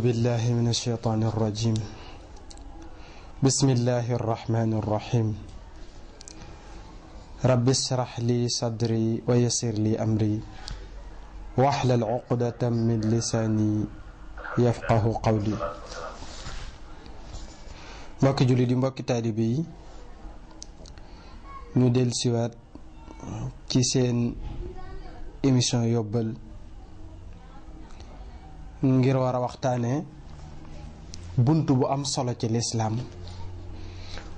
بالله من الشيطان الرجيم بسم الله الرحمن الرحيم رب اشرح لي صدري ويسر لي أمري واحلل عقدة من لساني يفقه قولي mbokki جولي دي mbokki taalibe نودل سوات كيسين siwaat يوبل ngir war a waxtaane bunt bu am solo ci lislaam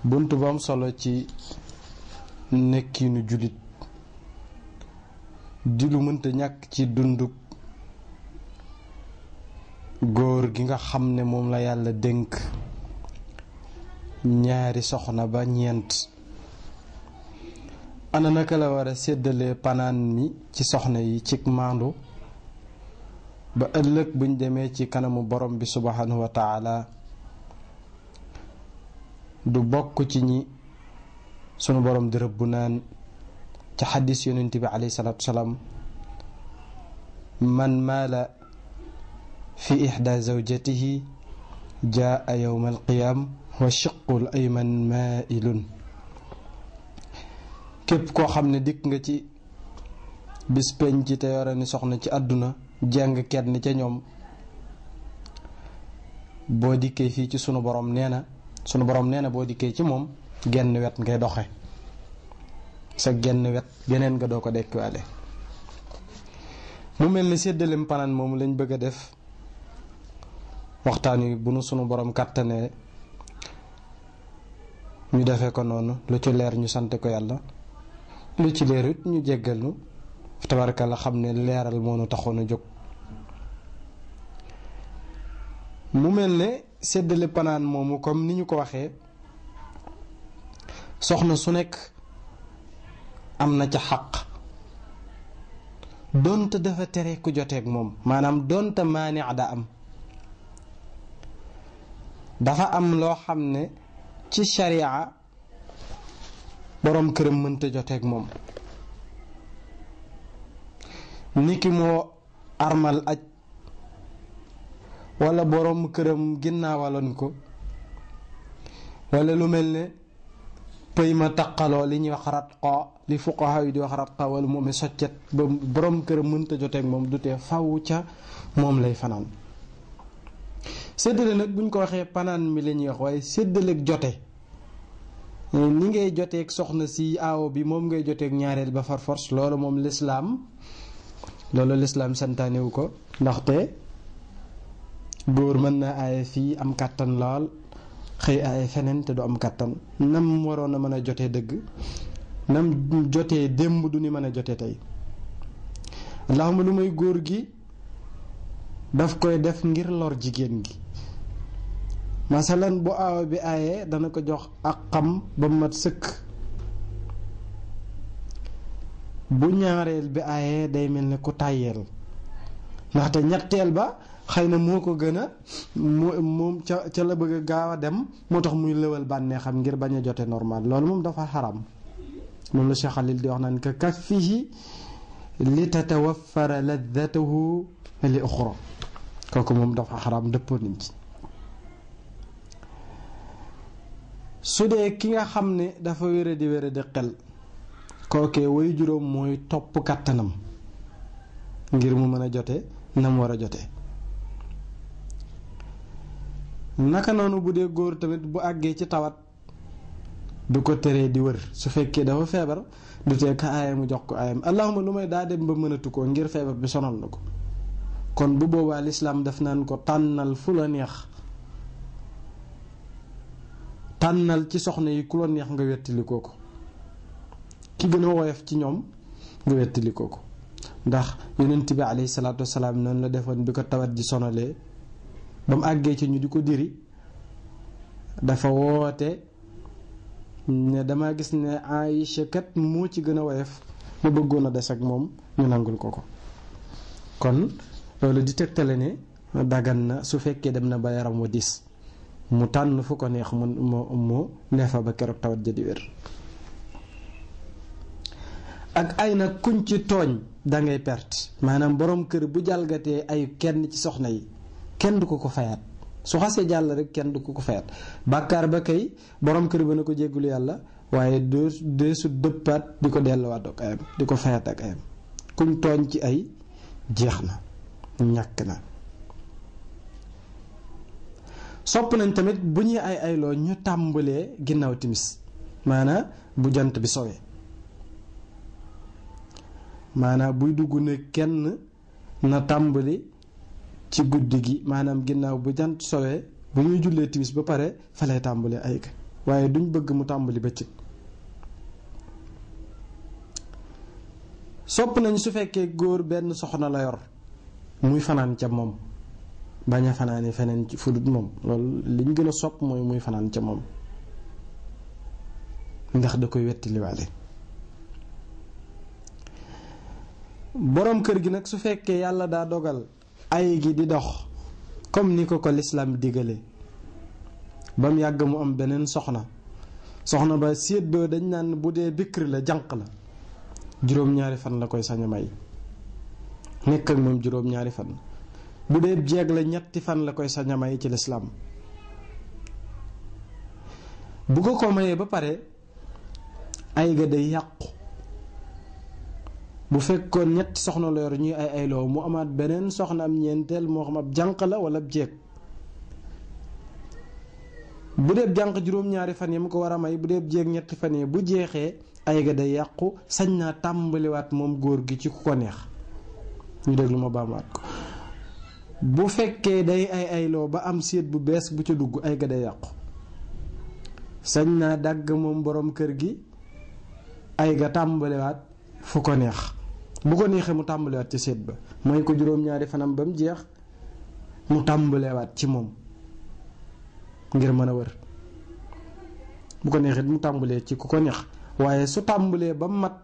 bunt bu am solo ci nekkiinu jullit di lu mënta ñàkk ci dunduk góor gi nga xam ne moom la yàlla dénk ñaari soxna ba ñeent ana naka la war a séddalee panaan mi ci soxna yi ci maandu ba ëllëg buñ demee ci kanamu borom bi subhanahu wa taala du bokk ci ñi sunu borom dërëb bu naan ci xadis yonent bi alayhi salaatu wasalaam man maala fi ixda zawjatihi jaa yowma alqiyaam wa shiqul ayman maailun képp koo xam ne dikk nga ci bis penc te soxna ci àdduna jàng kenn ca ñoom boo dikkee fii ci sunu boroom nee na sunu borom nee na boo dikkee ci moom genn wet ngay doxe sa genn wet geneen nga doo ko dekkiwaale mu mel ni séddaleem panaan moomu lañ bëgg a def waxtaan wi bu nu sunu boroom kàttane ñu defee ko noonu lu ci leer ñu sant ko yàlla lu ci leerut ñu jéggal nu la xam ne leeral moo nu taxoon a jóg mu mel ne séddale panaan moomu comme ni ñu ko waxee soxna su nekk am na ca xaq donte dafa tere ku joteeg moom maanaam donte maanic da am dafa am loo xam ne ci sharia boroom këram mënta joteeg moom niki moo armal aj wala borom këram ginnaawaloon ko walla lu mel ne pëy ma taqaloo li ñuy wax ratqa li fuqaha yi di wax ratqa wala moom i soccet ba borom këram mënta joteeg moom du tee faw ca moom lay fanaan séddale nag buñ ko waxee panaan mi la ñuy wax waaye séddaleeg jote ni ngay joteek soxna si aawo bi moom ngay joteek ñaareel ba far force loolu moom lislaam loolu lislaam santaanewu ko ndaxte góor mën na aaye fii am kàttan lool xëy aaye feneen te du am kàttan nam waroon a mën a jote dëgg nam jotee démb du ni mën a jote tey allahuma lu may góor gi daf koy def ngir lor jigéen gi masalan bu aawa bi aayee dana ko jox ak xam ba mat sëkk bu ñaareel bi aayee day mel ni ku tàyyeel ndaxte ñetteel ba xëy na moo ko gën a moo moom ca ca la bëgg gaaw a dem moo tax muy lëwal bànneexam ngir bañ a jote normal loolu moom dafa xaram moom la Cheikh Khalil di wax naan ka kaffihi li tatawaffara laddatuhu li uxra kooku moom dafa xaram dëppoo nañ ci su dee ki nga xam ne dafa wére di wére di xel kookee way juróom mooy topp kàttanam ngir mu mën a jote na war a jote naka noonu bu dee góor tamit bu àggee ci tawat du ko teree di wër su fekkee dafa feebar du tee ka mu jox ko aayam allahuma lu may daa dem ba mënatu ko ngir feebar bi sonal na ko kon bu boobaa lislaam daf naan ko tànnal fu la neex tànnal ci soxna yi ku la neex nga wettili ko ki gën a woyof ci ñoom nga wettili ko ndax yonent bi alayhi salaatu wasalaam noonu la defoon bi ko tawat ji sonalee ba mu àggee ci ñu di ko diri dafa woote ne dama gis ne Aïcha kat moo ci gën a woyof ma bëggoon a des ak moom ñu nangul ko ko kon loolu di tegtale ne dagan na su fekkee dem na ba yaram wa diis mu tànn fu ko neex mu mu neefa ba keroog tawat ja di wér ak ay na kuñ ci tooñ dangay perte maanaam borom kër bu jàlgatee ay kenn ci soxna yi kenn du ko ko fayaat su xasee jàll rek kenn du ko ko fayaat bàkkaar ba kay borom kër ba na ko jéggulu yàlla waaye doo dëppaat di ko delluwaat ak ayam di ko fayaat ak ayam kuñ tooñ ci ay jeex na ñàkk na sopp nañ tamit bu ñuy ay ayloo ñu tàmbalee ginnaaw timis maanaa bu jant bi sowee maanaa buy dugg ne kenn na tàmbali ci guddi gi maanaam ginnaaw bu jant sowee bu ñuy jullee timis ba pare fa lay ay ga waaye duñ bëgg mu tàmbali bëccëg sopp nañ su fekkee góor benn soxna la yor muy fanaan ca moom bañ a fanaani feneen ci moom liñ gën a sopp mooy muy fanaan ca moom ndax da koy wetti liwaale boroom kër gi nag su fekkee yàlla daa dogal ay gi di dox comme ni ko ko lislaam digale ba yàgg mu am beneen soxna soxna ba séet ba dañ naan bu dee bikkir la jànq la juróom fan la koy sañ may nekk ak moom juróom-ñaari fan bu dee jeeg la ñetti fan la koy sañ a may ci lislaam bu ko ko mayee ba pare ay ga day yàqu bu fekkoon ñetti soxna la yor ñuy ay ay loo mu amaat beneen soxna am ñeenteel moo xam ab jànq la wala ab jeeg bu dee jànq juróom-ñaari fan yi mu ko war a may bu dee jeeg ñetti fan yi bu jeexee ay ga day yàqu sañ naa tàmbaliwaat moom góor gi ci ku ko neex ñu déglu ma baamaat ko bu fekkee day ay ay loo ba am séet bu bees bu ca dugg ay ga day yàqu sañ naa dàgg moom borom kër gi ay ga tàmbaliwaat fu ko neex bu ko neexee mu tàmbalewaat ci seet ba mooy ko juróom-ñaari fanam ba mu jeex mu tàmbalewaat ci moom ngir mën a wër bu ko neexee mu tàmbalee ci ku ko neex waaye su tàmbalee ba mu mat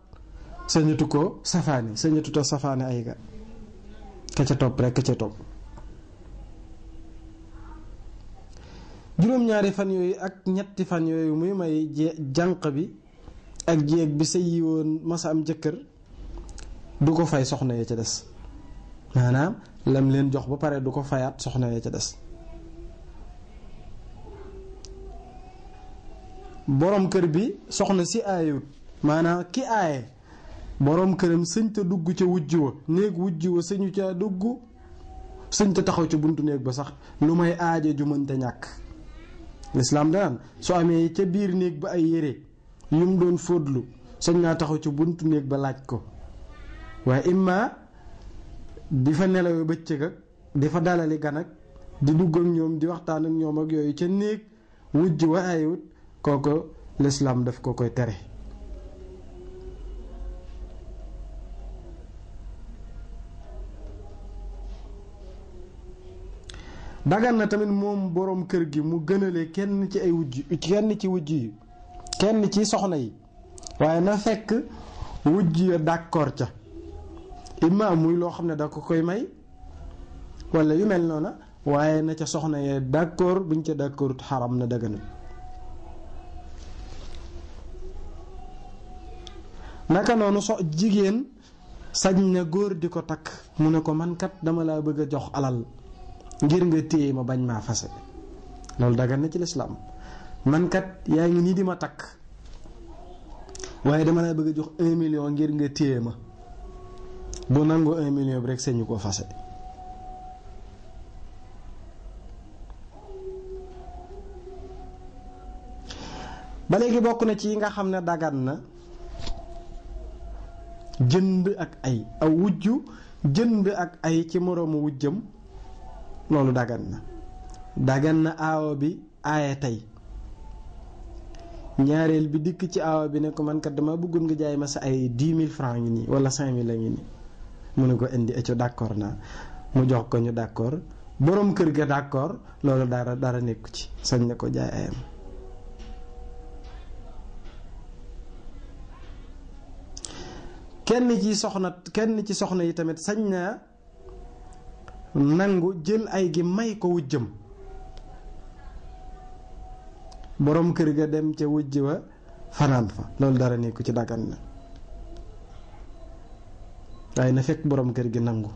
sañatu ko safaani sañatu ta safaani ay ga ka ca topp rek ka ca topp juróom-ñaari fan yooyu ak ñetti fan yooyu muy may jànq bi ak jéeg bi sëyi woon masa am jëkkër du ko fay soxna ya ca des maanaam lam leen jox ba pare du ko fayaat soxna ya ca des borom kër bi soxna si aayewut maanaam ki aaye borom këram sëñ ta dugg ca wujj wa néeg wujj wa sëñu ca dugg sëñ ta taxaw ca buntu néeg ba sax lu may aaja ju mënta ñàkk lislaam danaan su amee ca biir néeg ba ay yére yum doon fóotlu sëñ naa taxaw ca buntu néeg ba laaj ko waaye imma di fa nelawee bëccëg ak di fa dalali gan di dugg ak ñoom di waxtaan ak ñoom ak yooyu ca néeg wujj wa ayut kooku lislaam daf ko koy tere dagan na tamit moom boroom kër gi mu gënale kenn ci ay wujj kenn ci soxna yi waaye na fekk wujj ya d'accord ca imma muy lo xamne da ko koy may wala yu mel nona waye na ca soxna ye d'accord buñ ca d' accord na naka so jigen sañ na gor di tak takk ko man kat dama la bëgg jox alal ngir nga téye ma bañ ma fassé lol dagan na ci l'islam man kat yaangi ni di ma tak waye dama la bëgg jox 1 million ngir nga ma bu nangu un million rek sañu ko fase ba bokk na ci yi nga xam ne dagan na jënd ak ay aw wujju jënd ak ay ci moroomu wujjam loolu dagan na dagan na aawo bi aaye tey ñaareel bi dikk ci aawo bi ne ko man kat dama bëggoon nga jaay ma sa ay dix mille francs ngi nii wala cinq mille la ngi nii mu ne ko indi eco d'accord naa mu jox ko ñu d'accord boroom kër ga d'accord loolu dara dara nekku ci sañ na ko jaay ayam kenn ci soxna kenn ci soxna yi tamit sañ naa nangu jël ay gi may ko wujjam boroom kër ga dem ca wujj wa fanaan fa loolu dara nekku ci daggan na waaye na fekk boroom kër gi nangu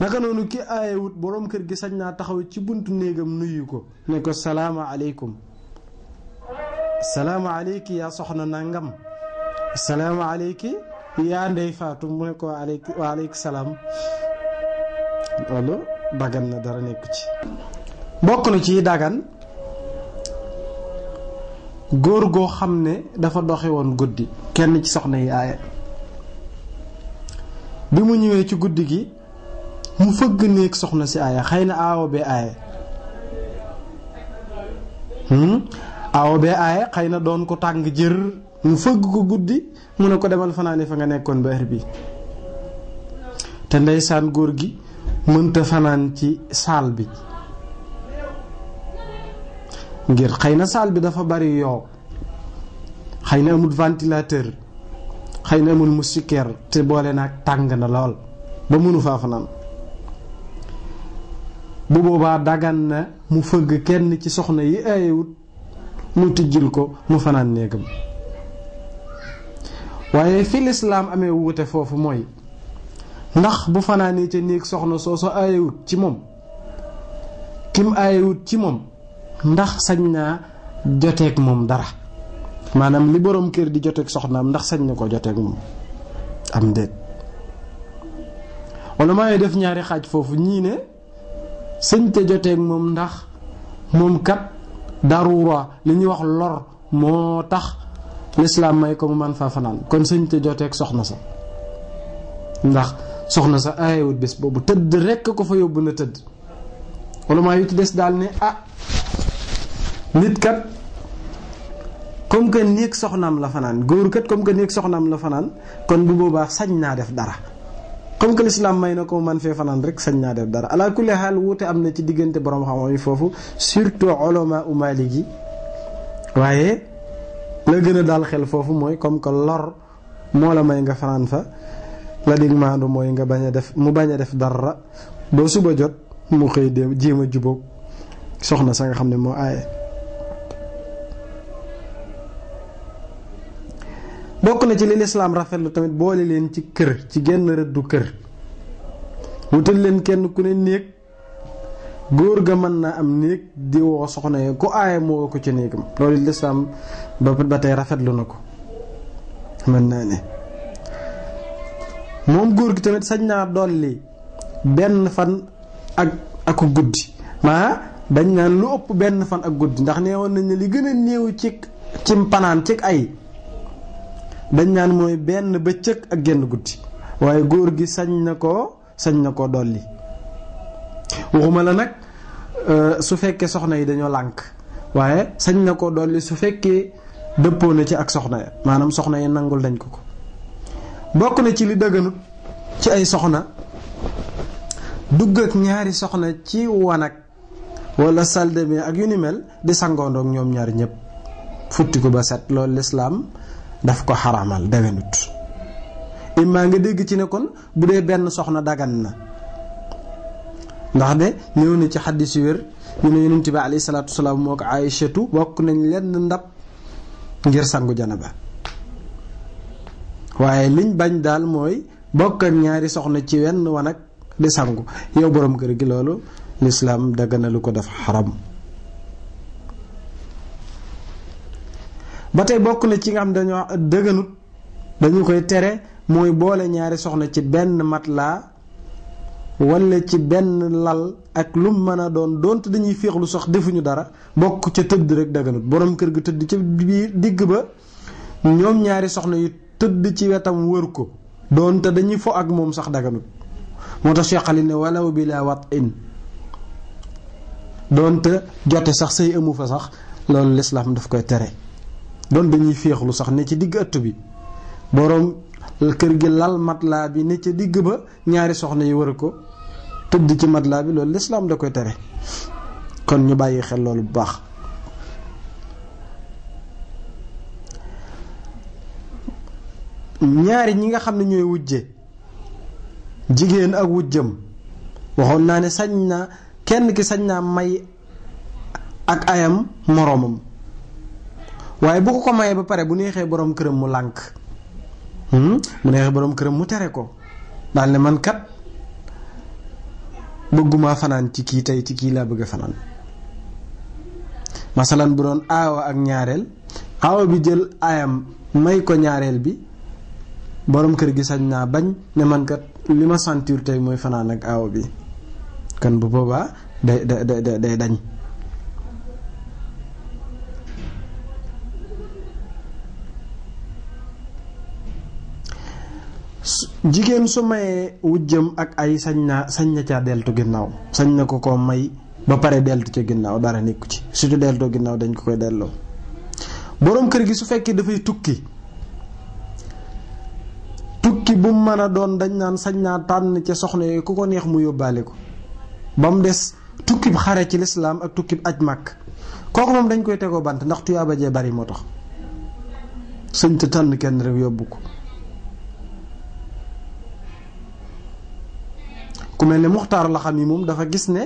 naka noonu ki aayewut borom kër gi sañ naa taxaw ci buntu néegam nuyu ko ne ko salaamaaleykum salaamaaleyki yaa soxna nangam salaamaaleyki yaa ndey faatu mu ne ko waaleykum salaam loolu na dara nekku ci bokk na ci dagan góor goo xam ne dafa doxe woon guddi kenn ci soxna yi aaye bi mu ñëwee ci guddi gi mu fëgg néeg soxna si aaya xëy na aawo bee aaye hmm? aawo bee aaye xëy na doon ko tàng jër mu fëgg ko guddi mu ne ko demal fanaani fa nga nekkoon ba bi te ndeysaan góor gi mënta fanaan ci saal bi ngir xëy na saal bi dafa bari yoo xëy na amul ventilateur xëy na amul mu sikkeer te boole naag tàng na lool ba mënu faa fanaan bu boobaa daggan na mu fëgg kenn ci soxna yi aayewut mu tijjil ko mu fanaan néegam waaye fi lislaam amee wuute foofu mooy ndax bu fanaanee ca néeg soxna soosu aayewut ci moom kim aayewut ci moom ndax sañ naa joteeg moom dara maanaam li boroom kër di joteeg soxnaam ndax sañ na ko joteeg moom am déet wala maa ngi def ñaari xaaj foofu ñii ne sañ te moom ndax moom kat daruura li ñuy wax lor moo tax lislaam may ko mu man faa fanaan kon sañ te joteeg soxna sa ndax soxna sa aayewut bés boobu tëdd rekk ko fa yóbbu na tëdd wala ci des daal ne ah nit kat comme que néeg soxnam la fanan góor kat comme que néeg soxnam la fanan kon bu boba sañ na def dara comme que l'islam may nako man fe fanan rek sañ na def dara ala kulli hal wote amna ci digeunte borom xam-xam fofu surtout ulama u Malik waye la gën dal xel fofu moy comme que lor mo la may nga fanan fa la dig do moy nga baña def mu baña def dara ba suba jot mu xey dem jema a soxna sa nga xamne mo bokk na ci li lislaam rafetlu tamit boole leen ci kër ci genn rëddu kër wutal leen kenn ku ne néeg góor ga mën naa am néeg di woo soxna yi ku aaye woo ko ci néegam loolu lislaam ba ba tey rafetlu na ko mën naa ne moom góor gi tamit sañ naa dolli benn fan ak ak guddi maa dañ naan lu ëpp benn fan ak guddi ndax neewoon nañ ne li gën a néew ci ci mpanaan ci ay dañ naan mooy benn bëccëg ak genn guddi waaye góor gi sañ na ko sañ na ko dolli waxuma la nag euh, su fekkee soxna yi dañoo lànk waaye sañ na ko dolli su fekkee dëppoo na ci ak soxna ya maanaam soxna yi nangul dañ ko ko bokk na ci li dëgganut ci ay soxna dugg ak ñaari soxna ci wanag walla salde bi ak yu ni mel di sangoondoog ñoom ñaar ñëpp futti ko ba set loolu lislaam daf ko xaraamal daganut imma nga dégg ci ne kon bu dee benn soxna dagan na ndax de ñëw na ci xaddis yu wér ñu ne yonent bi alayhi salaatu wasalaam moo ko Aysatu bokk nañ lenn ndab ngir sangu ba waaye liñ bañ daal mooy bokk ñaari soxna ci wenn wanag di sangu yow boroom kër gi loolu lislaam daganalu ko def xaram ba te bokk na ci nga xam dañoo dëgënut dañu koy tere mooy boole ñaari soxna ci benn laa wala ci benn lal ak lu mën a doon donte dañuy féexlu sax defuñu dara bokk ca tëdd rek daganut borom kër gi tëdd ci biir digg ba ñoom ñaari soxna yu tëdd ci wetam wër ko donte dañuy fo ak moom sax daganut moo tax Cheikh Ali ne walaw bi la wat in donte jote sax say amu fa sax loolu lislaam daf koy tere doon dañuy féexlu sax ne ci digg ëtt bi boroom kër gi lal matelas bi ne ca digg ba ñaari soxna yi wër ko tëdd ci matelas bi loolu lislaam da koy tere kon ñu bàyyi xel loolu bu baax ñaari ñi nga xam ne ñooy wujje jigéen ak wujjam waxoon naa ne sañ naa kenn ki sañ naa may ak ayam moroomam waaye bu ko ko mayee ba pare bu neexee borom këram mu lànk mu hmm? neexee borom këram mu tere ko daal ne man kat bëgguma fanaan ci kii tey ci kii laa bëgg a masalan bu doon aawa ak ñaareel aawa bi jël ayam may ko ñaareel bi borom kër gi sañ naa bañ ne man kat li ma sentir tey mooy fanaan ak aawa bi kan bu boobaa day day day dañ jigéen su mayee wujjam ak ay sañ naa sañ na caa deltu ginnaaw sañ na ko ko may ba pare deltu ca ginnaaw dara nekku ci surtout deltoo ginnaaw dañ ko koy delloo boroom kër gi su fekkee dafay tukki tukki bu mu mën a doon dañ naan sañ naa tànn ca soxna yooyu ku ko neex mu yóbbaale ko ba mu des tukkib xare ci lislaam ak tukkib aj màkk kooku moom dañ koy tegoo bant ndax tuyaaba jee bari moo tax sëñ tànn kenn rek yóbbu ko ku mel ne muxtaar la xam yi moom dafa gis ne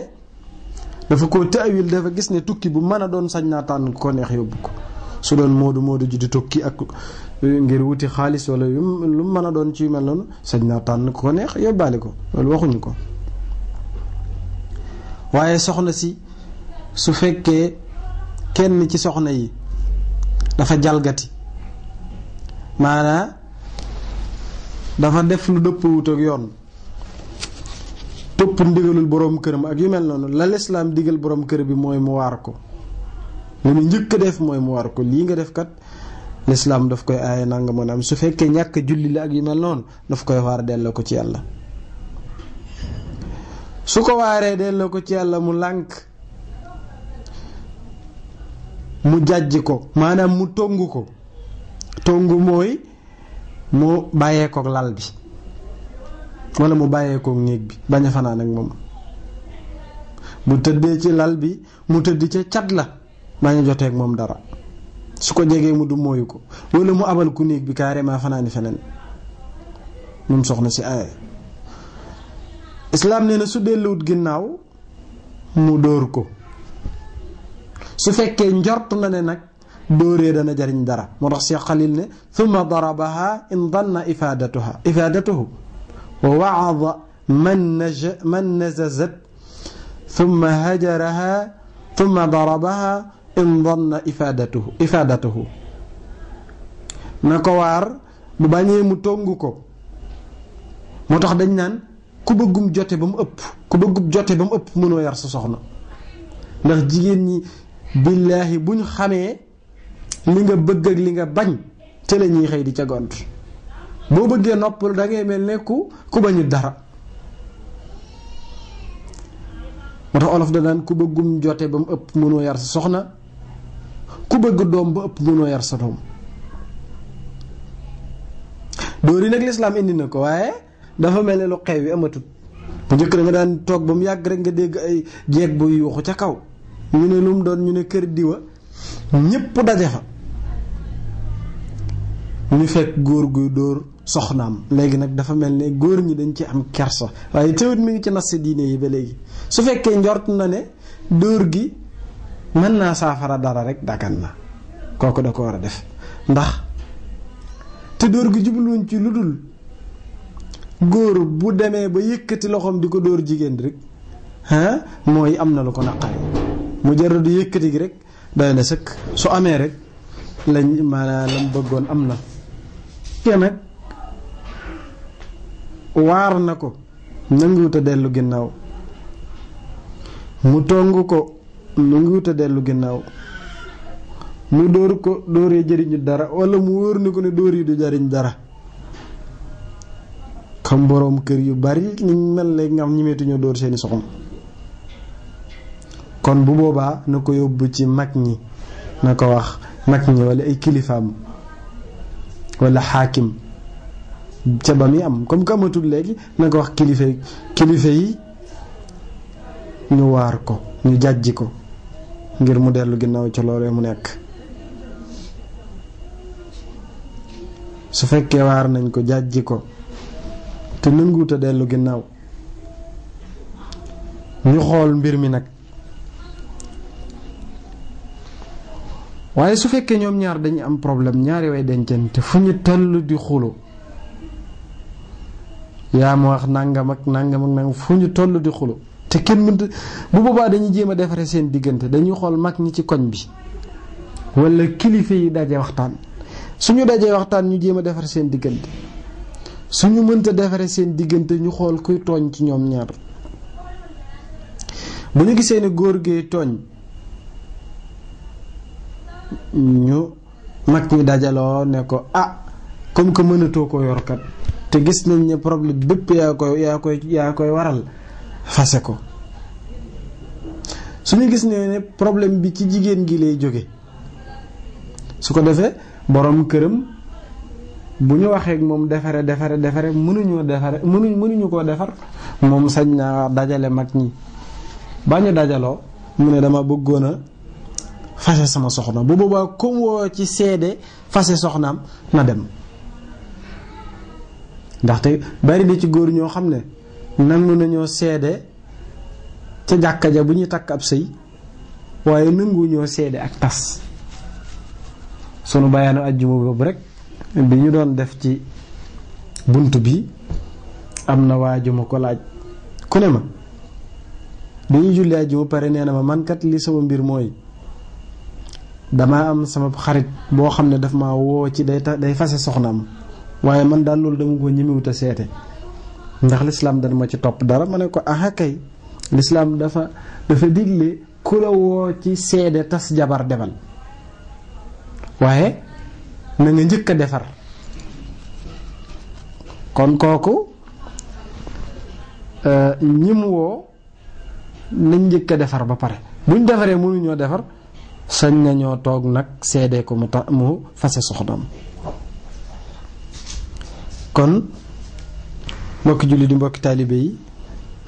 dafa ko taawil dafa gis ne tukki bu mën a doon sañ naa tànn ko neex ko su doon moodu moodu ji di ngir wuti xaalis wala mën a doon ci mel noonu sañ naa tànn ko neex yóbbaale ko loolu waxuñu ko waaye soxna si su fekkee kenn ci soxna yi dafa jalgati maanaa dafa def lu dëpp wut ak yoon topp ndigalul borom këram ak yu mel noonu la lislaam digal boroom kër bi mooy mu waar ko li njëkk a def mooy mu waar ko lii nga def kat lislaam daf koy aaye nanga mën am su fekkee ñàkk julli la ak yu mel noonu daf koy waar dell ko ci yàlla su ko waaree delloo ko ci yàlla mu lànk mu jàjj ko maanaam mu tong ko tongu mooy mu bàyyee ko lal bi wala mu bàyyee kook néeg bi bañ a fanaan ak moom mu tëddee ci lal bi mu tëdd ca cat la bañ a jotee ak moom dara su ko jegee mu du mooyu ko wala mu abal ku néeg bi carrément fanaani feneen moom soxna si aaye islaam nee na su delluwut ginnaaw mu dóor ko su fekkee njort na ne nag dóoree dana jariñ dara moo tax Cheikh Xalil ne thumma darabaha in danna ifaadatuha ifaadatuhu ووعظ من نج من نززت ثم هجرها ثم ضربها ان ظن افادته افادته نكو وار بو باغي مو تونغوكو موتاخ دنج نان كو بوغوم جوتي بام أب كو بوغوم جوتي بام اوب مونو يار سا سخنا بالله بن خامي ليغا بڬ ليغا باغ تي لا ني bo beugé noppal da ngay mel ku ku bañu dara motax olof da nan ku beugum jote bam mu ëpp mënoo yar sa soxna ku beug doom ba ëpp mëno yar sa doom dóori nak l'islam indi na ko waaye dafa mel lu xew yi amatut bu jëk nga dan tok bam yag rek nga dégg ay jégg bu yu yuuxu ca kaw ñu né lu mu doon ñu né kër diwa ñepp daje fa ñu fekk goor guy door soxnaam léegi nag dafa mel ni góor ñi dañ ci am kersa waaye teewut mi ngi ci nas diine yi ba léegi su fekkee njort na ne dóor gi mën naa saafara dara rek dakkan na kooku da ko war a def ndax te dóor gi jubluwuñ ci lu dul góor bu demee ba yëkkati loxoom di ko dóor jigéen rek ah mooy am na lu ko naqari mu jarul di yëkkati gi rek doy na sëkk su amee rek lañ maanaam lam bëggoon am na. waar na ko nanguwut a dellu ginnaaw mu tong ko nanguwut a dellu ginnaaw mu dóor ko dóoree jëriñu dara wala mu wóor ni ko ne dóor yi du jëriñ dara xam boroom kër yu bari ni mel léegi nga xam ñimeetuñoo dóor seeni soxna kon bu boobaa na ko yóbbu ci mag ñi na ko wax mag ñi wala ay kilifaam wala xaakim ca ba muy am comme que amatul léegi na ko wax kilifa kilifa yi ñu waar ko ñu jàjji ko ngir mu dellu ginnaaw ca loolee mu nekk su fekkee waar nañ ko jàjji ko te nanguuta dellu ginnaaw ñu xool mbir mi nag waaye su fekkee ñoom ñaar dañuy am problème ñaari way dencante fu ñu toll di xulo yaa ma wax nangam ak nangam ak nangam fu ñu toll di xulo te kenn mënta bu boobaa dañuy jéem a defare seen diggante dañuy xool mag ñi ci koñ bi wala kilifa yi daje waxtaan suñu dajee waxtaan ñu jéem a defare seen diggante suñu mënta defare seen diggante ñu xool kuy tooñ ci ñoom ñaar bu ñu gisee ne góor gee tooñ ñu mag ñi dajaloo ne ko ah comme que mënatoo ko yorkat te gis nañ ne problème bépp yaa koy yaa koy yaa koy waral fase ko su suñu gis nee ne problème bi ci jigéen gi lay jóge su ko defee boroom këram bu ñu waxee moom defare defare defare mënuñoo defare mënuñ mënuñu koo defar moom sañ naa dajale mag ñi ba ñu dajaloo mu ne dama bëggoon a fase sama soxna bu boobaa comme woo ci seede fase soxnaam na dem ndaxte bari na ci góor ñoo xam ne nangu nañoo seede ca jàkka ja bu ñuy takk ab sëy waaye nanguwuñoo seede ak tas sunu bayaanu ajjuma boobu rek bi ñu doon def ci bunt bi am na waajuma ma ko laaj ku ne ma dañuy julli ajjuma pare nee na ma mankat li sama mbir mooy dama am sama xarit boo xam ne daf ma woo ci day ta day fase soxnaam waaye man daal loolu dama ko ñemewut a seete ndax lislaam dana ma ci topp dara ma ne ko aha kay lislaam dafa dafa digle ku la woo ci seede tas jabar demal waaye na nga njëkk a defar kon kooku euh, ñi mu woo nañ njëkk a defar ba pare buñ defaree mënuñoo defar sañ nañoo toog nag seede ko mu tax mu fase soxnaam kon mbokk julli di mbokk talibé yi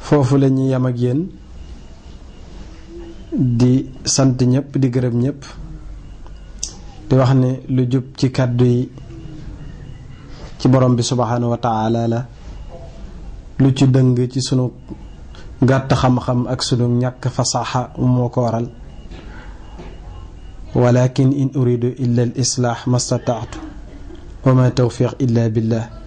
fofu la yam ak yeen di sant ñep di gërëm ñep di wax ne lu jub ci kaddu yi ci borom bi subhanahu wa taala la lu ci dëng ci sunu gàtt xam-xam ak sunu ñàkk fasaxa moo ko waral walakin in uridu illa al islah mastata'tu wa ma tawfiq illa billah